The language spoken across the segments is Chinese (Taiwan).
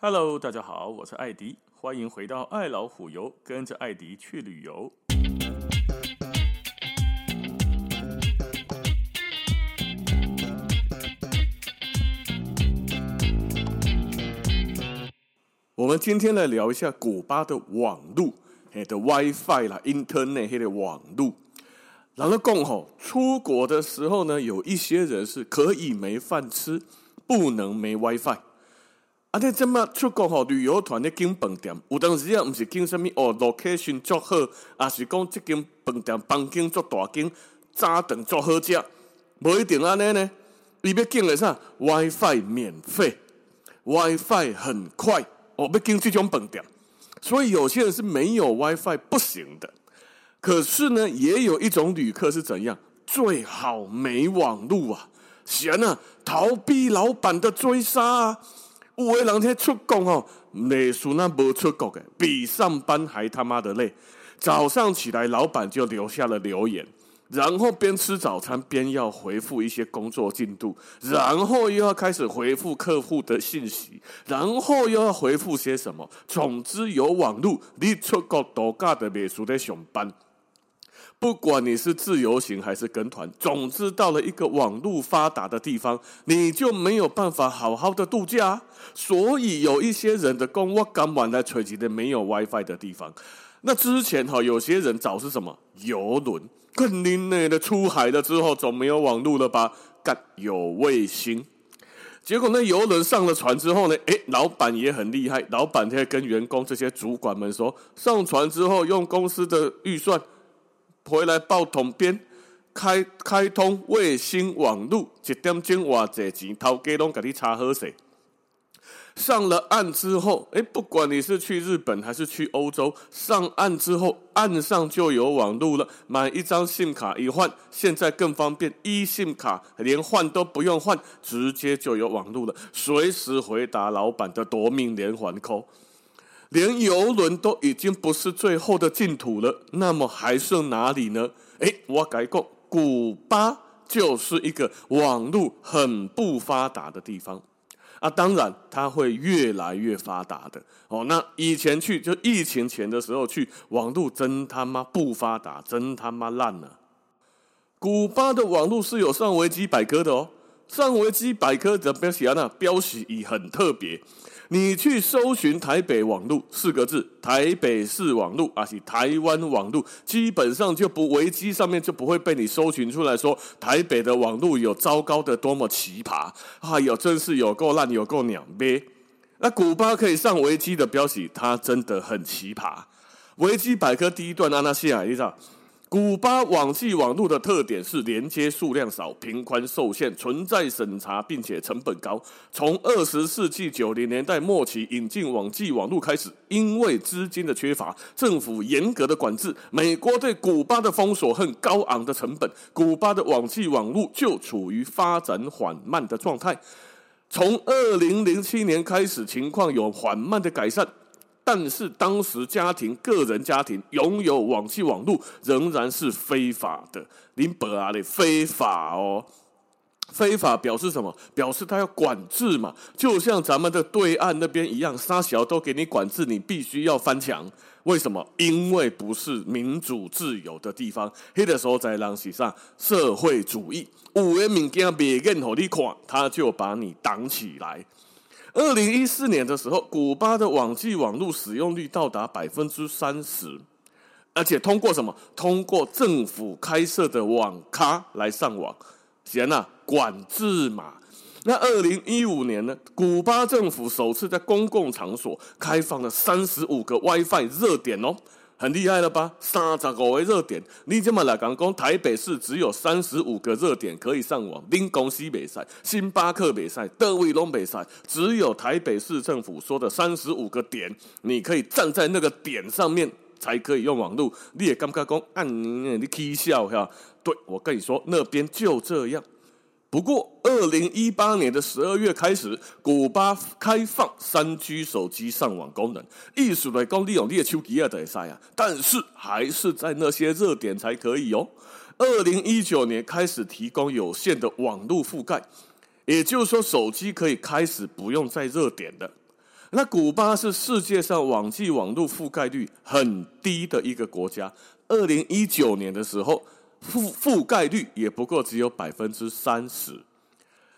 Hello，大家好，我是艾迪，歡迎回到愛老虎游，跟着艾迪去旅遊。我們今天來聊一下古巴的網路，誒的 WiFi 啦、Internet 的網路。然後講哈，出國的時候呢，有一些人是可以沒飯吃，不能沒 WiFi。Fi 啊！你即嘛出國旅游團咧經飯店，有當時啊，唔是經啥物哦，location 足好，也是講即間飯店房間足大間，早餐足好食，無一定安尼呢。你要經歷啥，WiFi 免費，WiFi 很快。哦，要經即種飯店，所以有些人是沒有 WiFi 不行的。可是呢，也有一種旅客是怎樣，最好沒網路啊，閒啊，逃避老板的追殺啊。有的人出國哦、喔，祕書那沒出國的，比上班還他媽的累。早上起來，老闆就留下了留言，然後邊吃早餐邊要回復一些工作進度，然後又要開始回復客戶的信息，然後又要回復些什麼。總之有網路，你出國度假的祕書在上班。不管你是自由行還是跟團，總之到了一個網路發達的地方，你就沒有辦法好好的度假，啊。所以有一些人的工我剛晚在垂直的沒有 WiFi 的地方。那之前哈、啊，有些人找是什麼郵輪？肯定的出海了之後，總沒有網路了吧？干有衛星。結果那郵輪上了船之後呢？哎，老闆也很厲害，老闆他跟員工這些主管們說，上船之後用公司的預算。回來報通邊開開通衛星網絡，一點鐘花幾錢，頭家攏給你插好勢。上了岸之後，哎，不管你是去日本還是去歐洲，上岸之後岸上就有網絡了。買一張信卡一換，現在更方便，一信卡連換都不用換，直接就有網絡了，隨時回答老板的奪命連環 call。連遊輪都已經不是最後的淨土了，那麼還剩哪裡呢？哎，我跟你說，古巴就是一個網絡很不發達的地方啊。當然，它會越來越發達的哦。那以前去，就疫情前的時候去，網絡真他媽不發達，真他媽爛了啊。古巴的網絡是有上維基百科的哦。上維基百科的標題呢，標題也很特別。你去搜尋“台北網路”四個字，台北市網路啊，是台灣網路，基本上就不維基上面就不會被你搜尋出來說台北的網路有糟糕的多麼奇葩，還、哎、有真是有夠爛，有夠娘咩？那古巴可以上維基的標題，它真的很奇葩。維基百科第一段呢，那寫哪裡上？你知道古巴網際網路的特點是連接數量少、頻寬受限、存在審查，並且成本高。從二十世紀九零年代末期引進網際網路開始，因為資金的缺乏、政府嚴格的管制、美國對古巴的封鎖和高昂的成本，古巴的網際網路就處於發展緩慢的狀態。從二零零七年開始，情況有緩慢的改善。但是當時家庭、個人家庭擁有網際網絡仍然是非法的，林北阿里，非法哦，非法表示什麼？表示他要管制嘛，就像咱們的對岸那邊一樣，沙小都給你管制，你必須要翻牆。為什麼？因為不是民主自由的地方。黑的時候在浪溪上，社會主義五元民鏡別任何的款，他就把你擋起來。二零一四年的時候，古巴的網際網路使用率到達百分之三十，而且通過什麼？通過政府開設的網咖來上網，顯然、啊、管制嘛。那二零一五年呢？古巴政府首次在公共場所開放了三十五個 WiFi 熱點哦。很厲害了吧？三十五個熱點，你這麼來講，講台北市只有三十五個熱點可以上網。林公西北賽、星巴克北賽、德威龍北賽，只有台北市政府說的三十五個點，你可以站在那個點上面才可以用網絡。你也剛剛講，嗯、啊，你譏笑，對，我跟你說，那邊就這樣。不過，二零一八年的十二月開始，古巴開放三 G 手機上網功能，意思就是說你用你的手機就可以了，但是還是在那些熱點才可以哦。二零一九年開始提供有限的網絡覆蓋，也就是說手機可以開始不用再熱點的。那古巴是世界上網際網路覆蓋率很低的一個國家。二零一九年的時候。覆覆蓋率也不過只有百分之三十，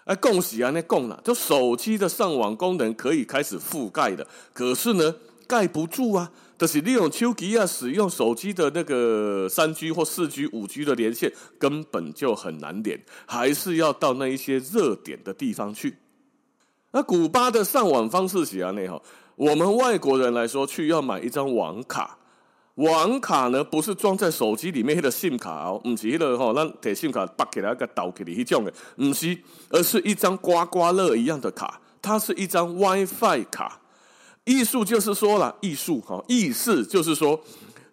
哎，供喜啊！那供喜，就手機的上網功能可以開始覆蓋的，可是呢，蓋不住啊！但、就是利用丘吉亞使用手機的那個三 G 或四 G、五 G 的連線，根本就很難連，還是要到那一些熱點的地方去。那古巴的上網方式是按呢？哈，我們外國人來說，去要買一張網卡。網卡呢，不是裝在手機裡面的 SIM 卡哦，不是迄落吼，咱摕 SIM 卡拔起來一個倒給你迄種的，不是，而是一張刮刮樂一樣的卡。它是一張 WiFi 卡，藝術就是說啦藝術哈、哦，意思就是說，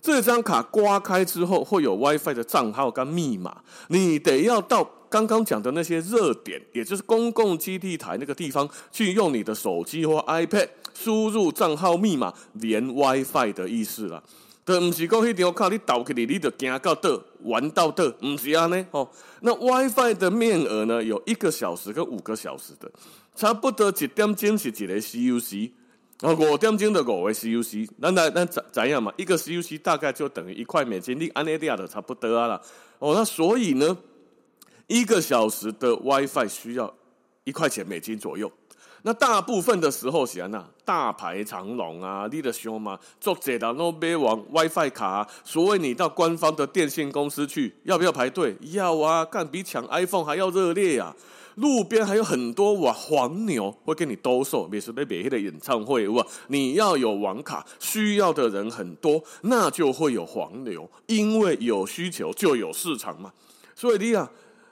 這張卡刮開之後會有 WiFi 的賬號跟密碼，你得要到剛剛講的那些熱點，也就是公共基地台那個地方去用你的手機或 iPad 輸入賬號密碼連 WiFi 的意思了。都唔是講迄條，卡，你倒去你，你就驚到倒，玩到倒，唔是安尼哦。那 WiFi 的面額呢，有一個小時跟五個小時的，差不多一點鐘是一個 C U C，、嗯、哦五點鐘的五個 C U C，咱來咱怎怎樣嘛？一個 C U C 大概就等於一塊美金，你按呢啊就差不多啊了啦。哦，那所以呢，一個小時的 WiFi 需要一塊錢美金左右。那大部分的時候，是啊，吶，大排長龍啊，你得想嘛，很多人都買完 WiFi 卡啊，所以你到官方的電信公司去，要不要排隊？要啊，幹比搶 iPhone 還要熱烈啊。路邊還有很多哇，黃牛會跟你兜售，比如說別的演唱會，哇，你要有網卡，需要的人很多，那就會有黃牛，因為有需求就有市場嘛。所以你啊，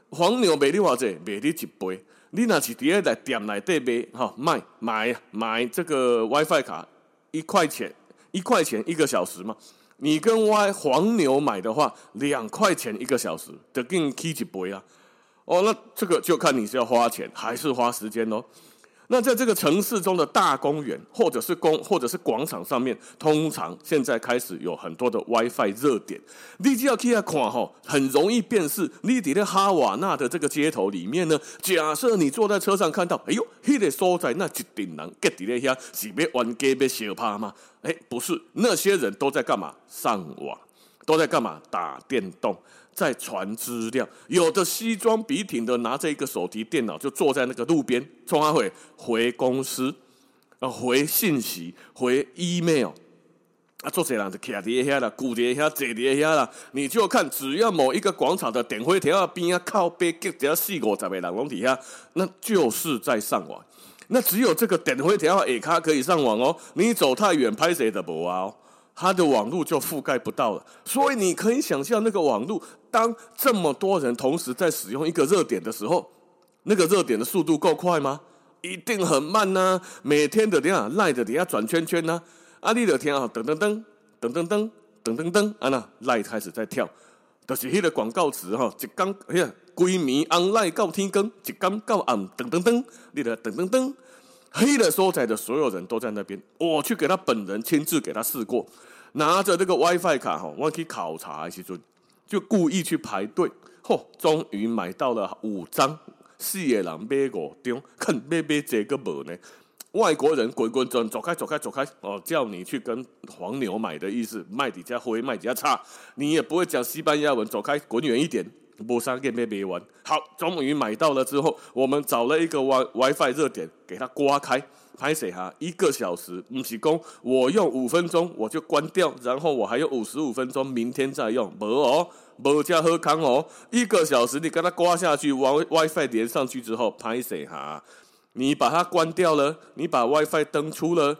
黃牛買你多少，賣你多少錢，賣你一倍。你是在那是第二台店裡對唄，哈、哦，賣買買，買這個 WiFi 卡，一塊錢一塊錢一個小時嘛。你跟歪黃牛買的話，兩塊錢一個小時，就給你貴一倍啊。哦，那這個就看你是要花錢還是花時間咯、哦。那在這個城市中的大公園，或者是公或者是廣場上面，通常現在開始有很多的 WiFi 熱點。你只要去那看很容易辨識。你的哈瓦那的這個街頭裡面呢，假設你坐在車上看到，哎呦，你的坐在那一堆人給底下下是要玩街邊小趴嗎？哎，不是，那些人都在幹嘛？上網，都在幹嘛？打電動。在傳資料，有的西裝筆挺的拿着一個手提電腦，就坐在那個路邊，充阿悔回公司啊，回信息，回 email 啊，這些人就站在那了，跪在那，坐在那啦。你就看，只要某一個廣場的點灰條啊邊啊靠北幾條四五十個人攏底下，那就是在上網。那只有這個點灰條啊下跤可以上網哦，你走太遠歹勢的無啊？它的網絡就覆蓋不到了，所以你可以想象那個網絡，當這麼多人同時在使用一個熱點的時候，那個熱點的速度夠快嗎？一定很慢吶、啊！每天的點啊，賴的點要轉圈圈吶！啊你的天啊，噔噔噔，噔噔噔，噔噔噔，噔，啊吶，賴開始在跳，就是你的廣告詞哈、哦，一更哎呀，閨蜜按賴到天更，一更到暗，噔噔噔，你的噔噔噔。黑的收在的所有人都在那邊，我去給他本人親自給他試過拿，拿着這個 WiFi 卡哈，我去考察去，就就故意去排隊，吼，終於買到了五張。四個人買五張，看買買這個無呢？外國人滾滾轉走開走開走開！哦，叫你去跟黃牛買的意思，賣的價灰，賣的價差，你也不會講西班牙文，走開，滾遠一點。無三個月沒完，好，終於買到了之後，我們找了一個 WiFi 熱點，給它刮開，拍謝哈，一個小時不是，說我用五分鐘我就關掉，然後我還有五十五分鐘，明天再用，沒哦，沒這麼好康哦，一個小時你給它刮下去，WiFi 連上去之後拍謝哈，你把它關掉了，你把 WiFi 登出了。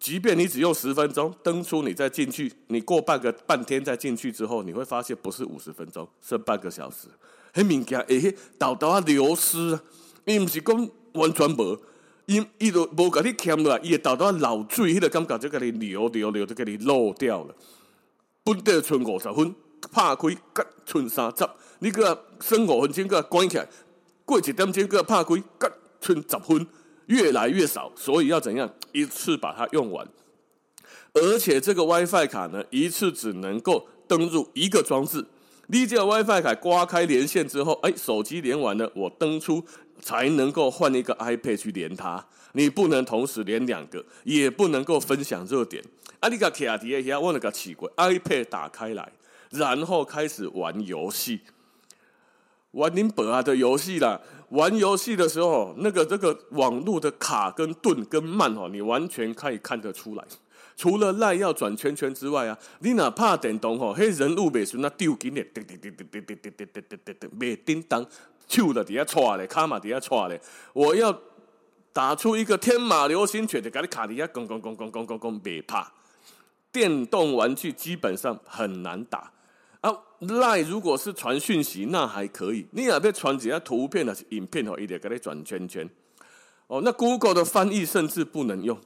即便你只用十分鐘登出，你再進去，你過半個半天再進去之後，你會發現不是五十分鐘，是半個小時。迄物件會迄沓沓啊流失啊，伊毋是講完全無，伊伊都無甲你欠落來，伊會沓沓啊漏水，迄、那個感覺就甲你流流流就甲你漏掉了。本地剩五十分，拍開甲剩三十，你個剩五分鐘，個關起來過一點鐘，個拍開甲剩十分。越來越少，所以要怎樣一次把它用完？而且這個 WiFi 卡呢，一次只能夠登入一個裝置。你這個 WiFi 卡刮開連線之後，哎，手機連完了我登出才能夠換一個 iPad 去連它。你不能同時連兩個，也不能夠分享熱點。阿力卡鐵迪耶，我那個奇怪，iPad 打開來，然後開始玩遊戲，玩寧波啊的遊戲啦。玩遊戲的時候，那個這個網絡的卡、跟頓、跟慢哦，你完全可以看得出來。除了賴要轉圈圈之外啊，你哪怕電動哦，迄人物袂順那丟筋你滴滴滴滴滴滴滴滴滴滴，袂叮噹，手在底啊拽嘞，跤嘛在底啊拽嘞。我要打出一個天馬流星拳，就甲你卡底啊，咣咣咣咣咣咣咣，袂怕。電動玩具基本上很難打。啊，賴如果是傳訊息那還可以，你那邊傳幾張圖片影片哦，一點給你轉圈圈。哦，那 Google 的翻譯甚至不能用，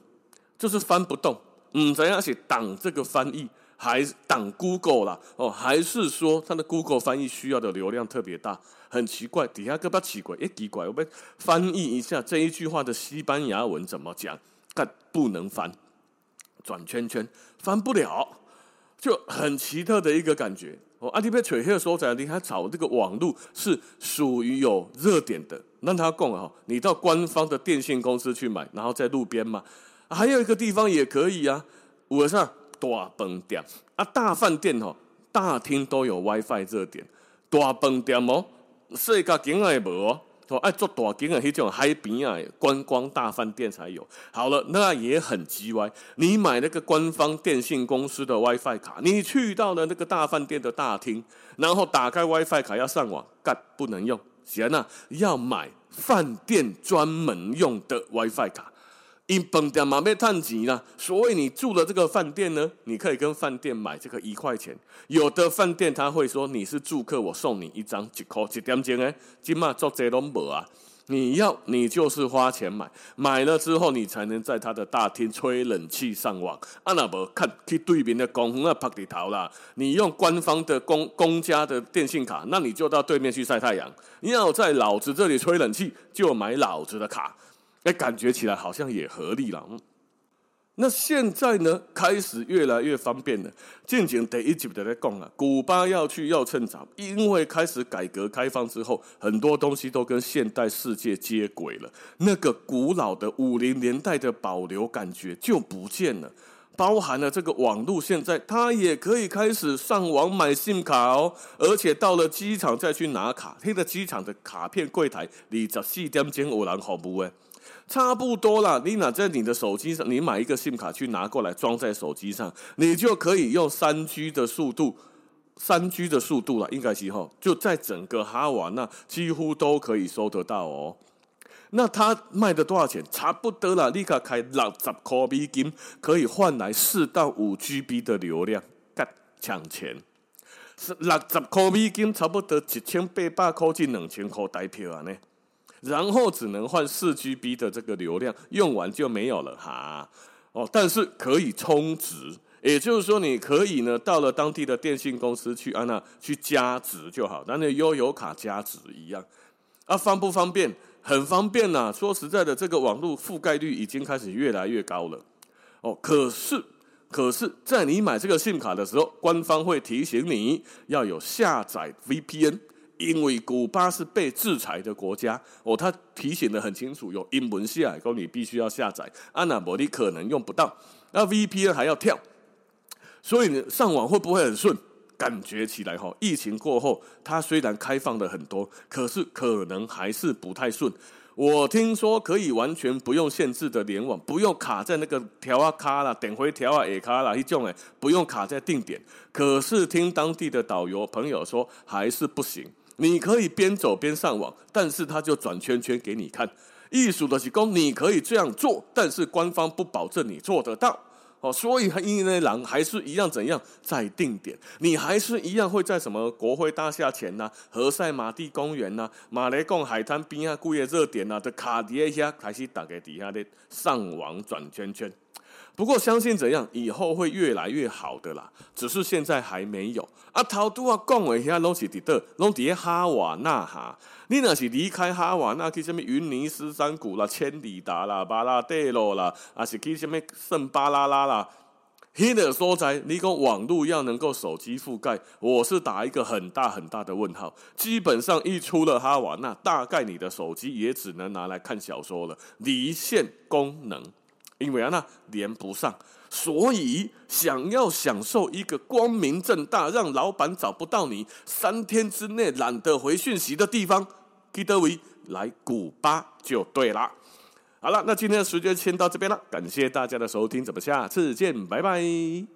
就是翻不動。嗯，怎樣寫擋這個翻譯，還是擋 Google 啦？哦？還是說它的 Google 翻譯需要的流量特別大？很奇怪，底下個把奇怪？一奇怪，我們翻譯一下這一句話的西班牙文怎麼講？但不能翻，轉圈圈翻不了。就很奇特的一個感覺。阿弟被吹黑的時候在哪裡？他找，找這個網路是屬於有熱點的，讓他供啊。你到官方的電信公司去買，然後在路邊嘛，啊、還有一個地方也可以啊。晚上大飯店啊，大飯店吼、哦，大廳都有 WiFi 熱點。大飯店哦，睡覺進不無。說哎，做大景啊，的那種海邊啊，觀光大飯店才有。好了，那也很雞歪。你買那個官方電信公司的 WiFi 卡，你去到了那個大飯店的大廳，然後打開 WiFi 卡，要上網，幹不能用。行啦，要買飯店專門用的 WiFi 卡。因飯店嘛要賺錢啦，所以你住的這個飯店呢，你可以跟飯店買這個一塊錢。有的飯店他會說你是住客，我送你一張折扣一點錢誒。今晚做這攏無啊，你要你就是花錢買，買了之後你才能在他的大廳吹冷氣上網。啊那無看去對面的公園啊拍地頭啦，你用官方的公公家的電信卡，那你就到對面去曬太陽。你要在老子這裡吹冷氣，就買老子的卡。哎、欸，感覺起來好像也合理了，嗯。那現在呢，開始越來越方便了。漸漸得一局的在講了，古巴要去要趁早，因為開始改革開放之後，很多東西都跟現代世界接軌了。那個古老的五零年代的保留感覺就不見了。包含了這個網絡，現在它也可以開始上網買信用卡哦。而且到了機場再去拿卡，那個機場的卡片櫃台二十四點鐘有人服務的。差不多了，你拿在你的手機上，你買一個 SIM 卡去拿過來裝在手機上，你就可以用三 G 的速度，三 G 的速度了，應該是吼，就在整個哈瓦那、啊、幾乎都可以收得到哦。那他賣的多少錢？差不多啦，你家開六十塊美金可以換來四到五 GB 的流量，幹搶錢！是六十塊美金差不多一千八百塊近兩千塊台票啊呢。然後只能換 4GB 的這個流量，用完就沒有了哈。哦，但是可以充值，也就是說你可以呢，到了當地的電信公司去啊，那去加值就好，那那悠遊卡加值一樣。啊，方不方便？很方便吶、啊。說實在的，這個網絡覆蓋率已經開始越來越高了。哦，可是，可是在你買這個 SIM 卡的時候，官方會提醒你要有下載 VPN。因為古巴是被制裁的國家，哦，他提醒得很清楚，有英文下載，說你必須要下載。安娜伯利可能用不到，那 VPN 還要跳，所以呢，上網會不會很順？感覺起來哈，疫情過後，它雖然開放了很多，可是可能還是不太順。我聽說可以完全不用限制的聯網，不用卡在那個調啊卡啦，點回調啊也卡啦一種誒，不用卡在定點。可是聽當地的導遊朋友說，還是不行。你可以邊走邊上網，但是他就轉圈圈給你看。意思是提供你可以這樣做，但是官方不保證你做得到哦。所以印尼的人還是一樣怎樣，在定點，你還是一樣會在什麼國會大廈前吶、啊、何塞馬蒂公園吶、馬雷貢海灘邊啊、工業熱點吶、啊，都卡底下開始大家底下的上網轉圈圈。不過相信怎樣，以後會越來越好的啦。只是現在還沒有啊。頭都要講的，都是在哪，都是在哈瓦那哈。你若是離開哈瓦那去什麼雲尼斯山谷啦，千里達啦，巴拉德羅啦，還是去什麼聖巴拉拉了？聽爾說在，你說網絡要能夠手機覆蓋，我是打一個很大很大的問號。基本上一出了哈瓦那，大概你的手機也只能拿來看小說了，離線功能。因為啊，那連不上，所以想要享受一個光明正大、讓老闆找不到你、三天之內懶得回訊息的地方，記得維來古巴就對了。好了，那今天的時間先到這邊了，感謝大家的收聽，咱們下次見，拜拜。